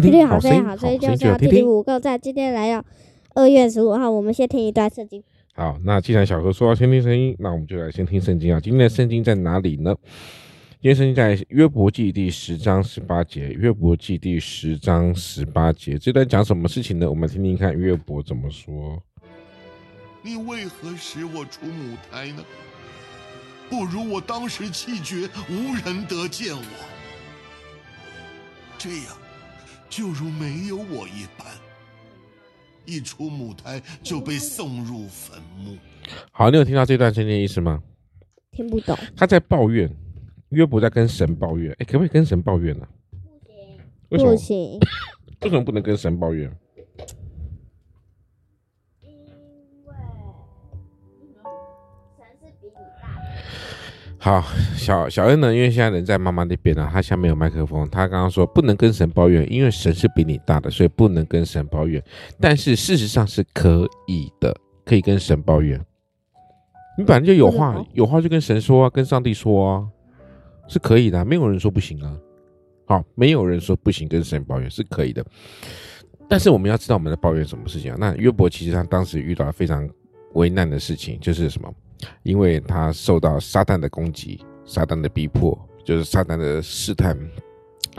聽聽好，聲音，好聲音，好聲聽聽好聲音，聽聽五個讚。今天來到二月十五號，我們先聽一段聖經。好，那既然小哥說要先聽聲音，那我們就來先聽聖經啊。今天的聖經在哪裡呢？今天聖經在約伯記第十章十八節。約伯記第十章十八節，這段講什麼事情呢？我們聽聽看約伯怎麼說。你為何使我出母胎呢？不如我當時氣絕，無人得見我。這樣。就如沒有我一般，一出母胎就被送入墳墓。嗯嗯、好，你有聽到這段聖經的意思嗎？聽不懂。他在抱怨，約伯在跟神抱怨。哎，可不可以跟神抱怨呢？不行。為什麼不行？為什麼不能跟神抱怨？好，小小恩呢？因為現在人在媽媽那邊呢啊，他下面有麥克風。他剛剛說不能跟神抱怨，因為神是比你大的，所以不能跟神抱怨。但是事實上是可以的，可以跟神抱怨。你本來就有話，有話就跟神說啊，跟上帝說啊，是可以的啊。沒有人說不行啊。好，沒有人說不行，跟神抱怨是可以的。但是我們要知道我們在抱怨是什麼事情啊？那約伯其實他當時遇到了非常危難的事情，就是什麼？因為他受到撒旦的攻擊，撒旦的逼迫，就是撒旦的試探，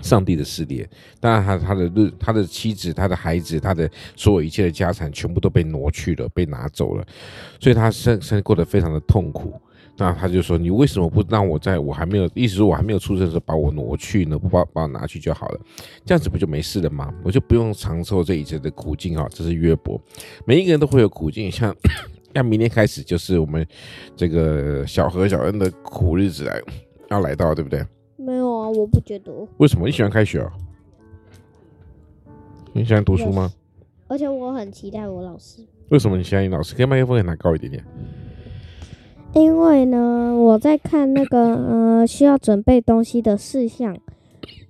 上帝的試煉。當然他，他他的日，他的妻子，他的孩子，他的所有一切的家產，全部都被挪去了，被拿走了。所以他，他生生過得非常的痛苦。那他就說：“你為什麼不讓我在我還沒有，意思說我還沒有出生的時候把我挪去呢？不把把我拿去就好了，這樣子不就沒事了嗎？我就不用承受這一切的苦境啊！”這是約伯，每一個人都會有苦境，像。那明天開始，就是我們這個小何、小恩的苦日子來，要來到，對不對？沒有啊，我不覺得。為什麼你喜歡開學啊？你喜歡讀書嗎？Yes. 而且我很期待我老師。為什麼你喜歡你老師？可以麥克風給他拿高一點點。因為呢，我在看那個呃需要準備東西的事項，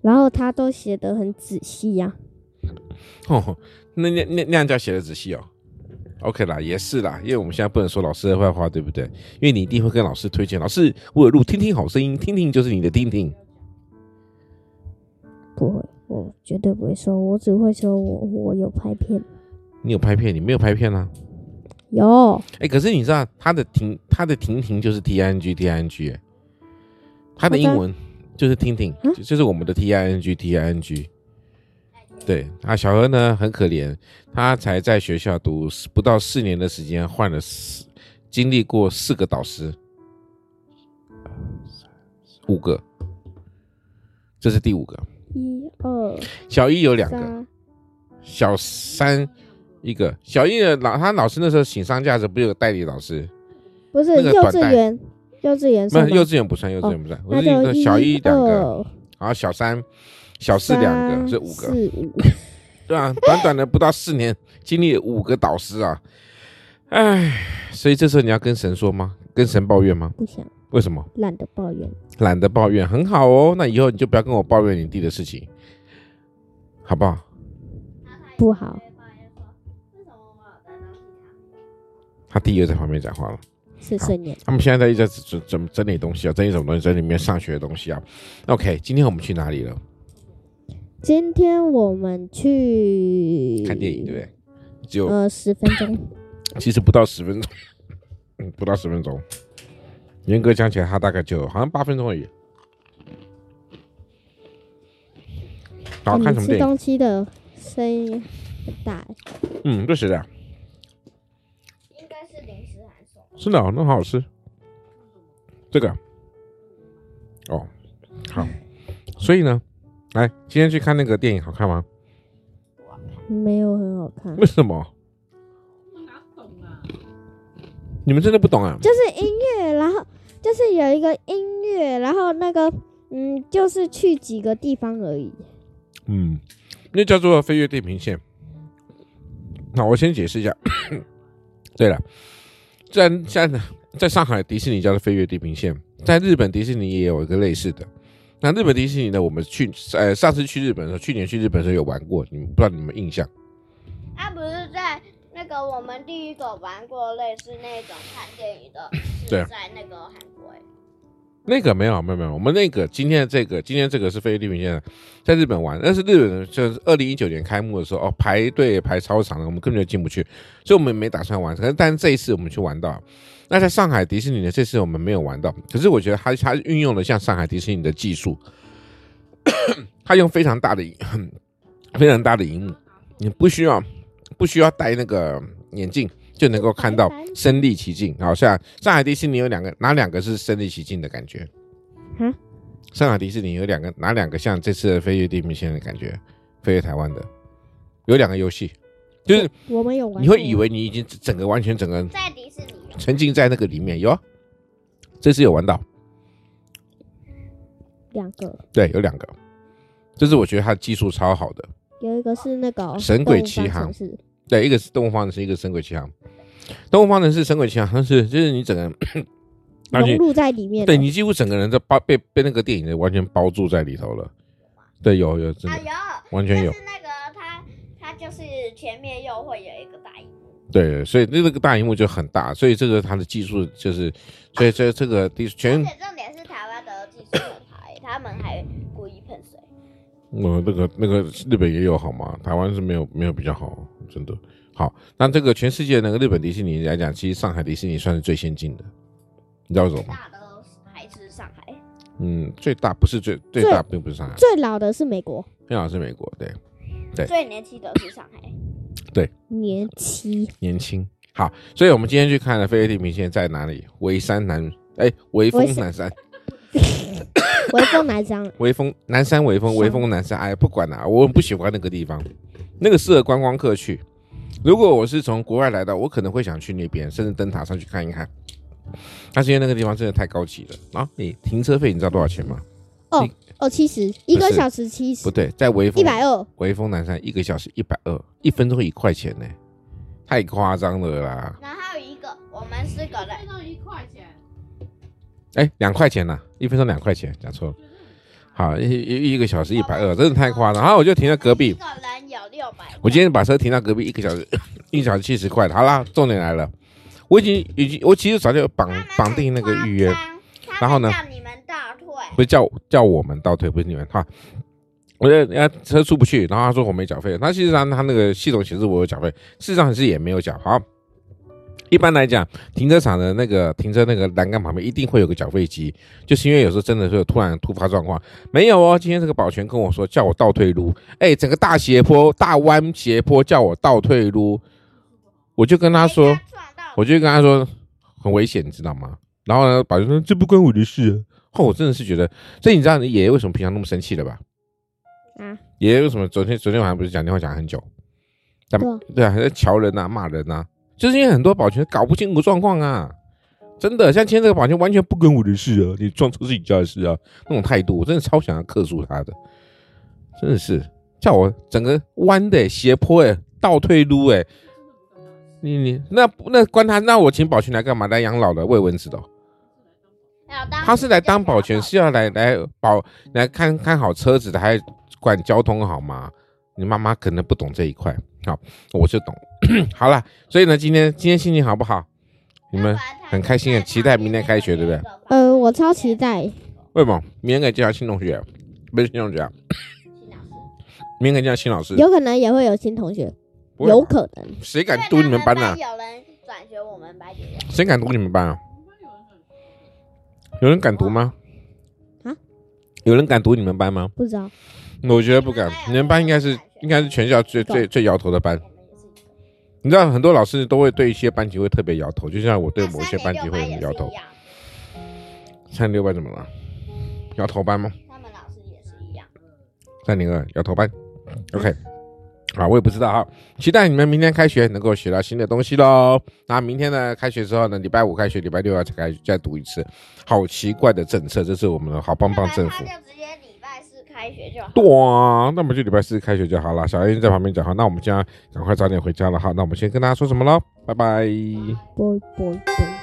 然後他都寫得很仔細呀、啊。哦，那那那那樣叫寫得仔細哦。OK 啦，也是啦，因為我們現在不能說老師的壞話，對不對？因為你一定會跟老師推薦老師，我有錄聽聽好聲音，聽聽就是你的聽聽。不會，我絕對不會說，我只會說我我有拍片。你有拍片，你沒有拍片啊？有。哎、欸，可是你知道他的婷，他的婷婷就是 T i n g T i n g，他的英文就是聽聽，就是我們的 T i n g T、啊、i n g。TNG 對啊，小禾呢很可憐，他才在學校讀不到四年的時間，換了四，經歷過四個導師，五個，這是第五個。一二小一有兩個，三小三一個，小一的他老他老師那時候請上假時，不有個代理老師？不是、那個、幼稚園，幼稚園不是幼稚園不算，幼稚園不算。我、哦、是一個小一兩個，然後小三。小事兩個，這五個， 對啊，短短的不到四年， 經歷了五個導師啊，唉，所以這時候你要跟神說嗎？跟神抱怨嗎？不想，為什麼？懶得抱怨，懶得抱怨，很好哦，那以後你就不要跟我抱怨你弟的事情，好不好？不好。他弟又在旁邊講話了，謝謝你。他們現在在一直在整整理東西啊，整理什麼東西？整理裡面上學的東西啊。OK，今天我們去哪裡了？今天我們去看電影，對不對？就呃十分鐘，其實不到十分鐘，不到十分鐘。嚴格講起來，它大概就好像八分鐘而已。然後、嗯、看什麼？吃東西的聲音大。嗯，是誰的？應該是零食還是？是的，那很好吃。嗯、這個哦，好、嗯，所以呢？來，今天去看那個電影，好看嗎？沒有很好看。為什麼？我哪懂啊？你們真的不懂啊？就是音樂，然後就是有一個音樂，然後那個嗯，就是去幾個地方而已。嗯，那叫做飛越地平線。那我先解釋一下。 對了，在在在上海迪士尼叫做飛越地平線，在日本迪士尼也有一個類似的。那日本迪士尼呢？我們去呃上次去日本的時候，去年去日本的時候有玩過，你們不知道你們印象？他不是在那個我們第一個玩過類似那種看電影的，是在那個韓國。那個沒有沒有沒有，我們那個今天這個今天這個是飛越地平線，現在在日本玩，但是日本就是二零一九年開幕的時候哦，排隊排超長了，我們根本就進不去，所以我們沒打算玩。但是但是這一次我們去玩到。那在上海迪士尼呢？這次我們沒有玩到，可是我覺得他它，它運用了像上海迪士尼的技術，他用非常大的、非常大的熒幕，你不需要不需要戴那個眼鏡就能夠看到身臨其境。好像上海迪士尼有兩個哪兩個是身臨其境的感覺？嗯？上海迪士尼有兩個哪兩個像這次的飛越地平線的感覺？飛越台灣的有兩個遊戲，就是、欸、你會以為你已經整個完全整個沉浸在那個裡面有、啊，這次有玩到兩個，對，有兩個，這是我覺得他的技術超好的。有一個是那個《神鬼奇航。是，對，一個是，動物方城市一個是《動物方城市是一個《神鬼奇航。動物方城市是神鬼奇航，但是，就是你整個 你融入在裡面，對，你幾乎整個人都包被被那個電影的完全包住在裡頭了。對，有有真的、啊、有完全有。但是那個他他就是前面又會有一個大。對，所以那那個大熒幕就很大，所以這個它的技術就是，所以這這個全。而且重點是台灣的技術台， 他們還故意噴水。我、嗯、那個那個日本也有好嗎？台灣是沒有沒有比較好，真的。好，那這個全世界那個日本迪士尼來講，其實上海迪士尼算是最先進的，你知道為什麼嗎？最大的還是上海？嗯，最大不是最最大，並不是上海最。最老的是美國。最老是美國，對對。最年輕的是上海。對，年輕，年輕，好，所以我們今天去看了菲律賓，現在在哪裡？微山南，哎、欸，微峰南山，微風南山微風，微風南山，微風，微風南山，哎，不管了，我不喜歡那個地方，那個適合觀光客去。如果我是從國外來到，我可能會想去那邊，甚至燈塔上去看一看。但是因為那個地方真的太高級了啊！你停車費你知道多少錢嗎？哦。哦，七十，一個小時七十，不對，在微風一百二，微風南山一個小時一百二，一分鐘一塊錢呢、欸，太誇張了啦。然後一個我們四個人，一分鐘一塊錢。哎，兩塊錢呢、啊，一分鐘兩塊錢，講錯了。好，一一,一,一個小時一百二，真的太誇張。然後我就停在隔壁，六百。我今天把車停到隔壁一個小時， 一小時七十塊的。好啦，重點來了，我已經已經我其實早就綁綁定那個預約，然後呢？不是叫叫我們倒退，不是你們哈。我覺得人家車出不去，然後他說我沒繳費。那事實上他,他那個系統顯示我有繳費，事實上還是也沒有繳。好，一般來講，停車場的那個停車那個欄杆旁邊一定會有個繳費機，就是因為有時候真的是突然突發狀況沒有哦。今天這個保全跟我說叫我倒退路，哎、欸，整個大斜坡大彎斜坡叫我倒退路，我就跟他說，我就跟他說很危險，你知道嗎？然後呢，保全說這不關我的事、啊。那、哦、我真的是覺得，所以你知道你爺爺為什麼平常那麼生氣了吧？嗯。爺爺為什麼昨天昨天晚上不是講電話講了很久、嗯？對啊，還在瞧人吶、啊、罵人吶、啊，就是因為很多保全搞不清楚狀況啊。真的，像今天這個保全完全不關我的事啊，你裝出自己家的事啊，那種態度我真的超想要客訴他的，真的是叫我整個彎的、欸、斜坡哎、欸，倒退嚕哎、欸。你你那那關他？那我請保全來幹嘛？來養老的，餵蚊子的。他是來當保全，是要來來保來看看好車子的，還管交通，好嗎？你媽媽可能不懂這一塊，好，我就懂。 好了，所以呢，今天今天心情好不好？你們很開心啊，期待明天開學，對不對？呃，我超期待。為什麼？明天可以介紹新同學，不是新同學啊，新老師。明天可以介紹新老師，有可能也會有新同學，有可能。誰敢讀你們班呢？有人轉學我們班，誰敢讀你們班啊？有人敢讀嗎？啊？有人敢讀你們班嗎？不知道。那我覺得不敢。你們班應該是應該是全校最最最搖頭的班。你知道很多老師都會對一些班級會特別搖頭，就像我對某些班級會很搖頭。啊，三六班怎麼了？搖頭班嗎？他們老師也是一樣。三零二搖頭班，OK。啊，我也不知道哈，期待你們明天開學能夠學到新的東西嘍。那、啊、明天呢，開學之後呢，禮拜五開學，禮拜六要再開再讀一次。好奇怪的政策，這是我們的好棒棒政府。那就直接禮拜四開學就好。對啊，那我們就禮拜四開學就好了。小英在旁邊講哈，那我們家趕快早點回家了哈。那我們先跟大家說什麼嘍？拜拜。Bye, bye, bye.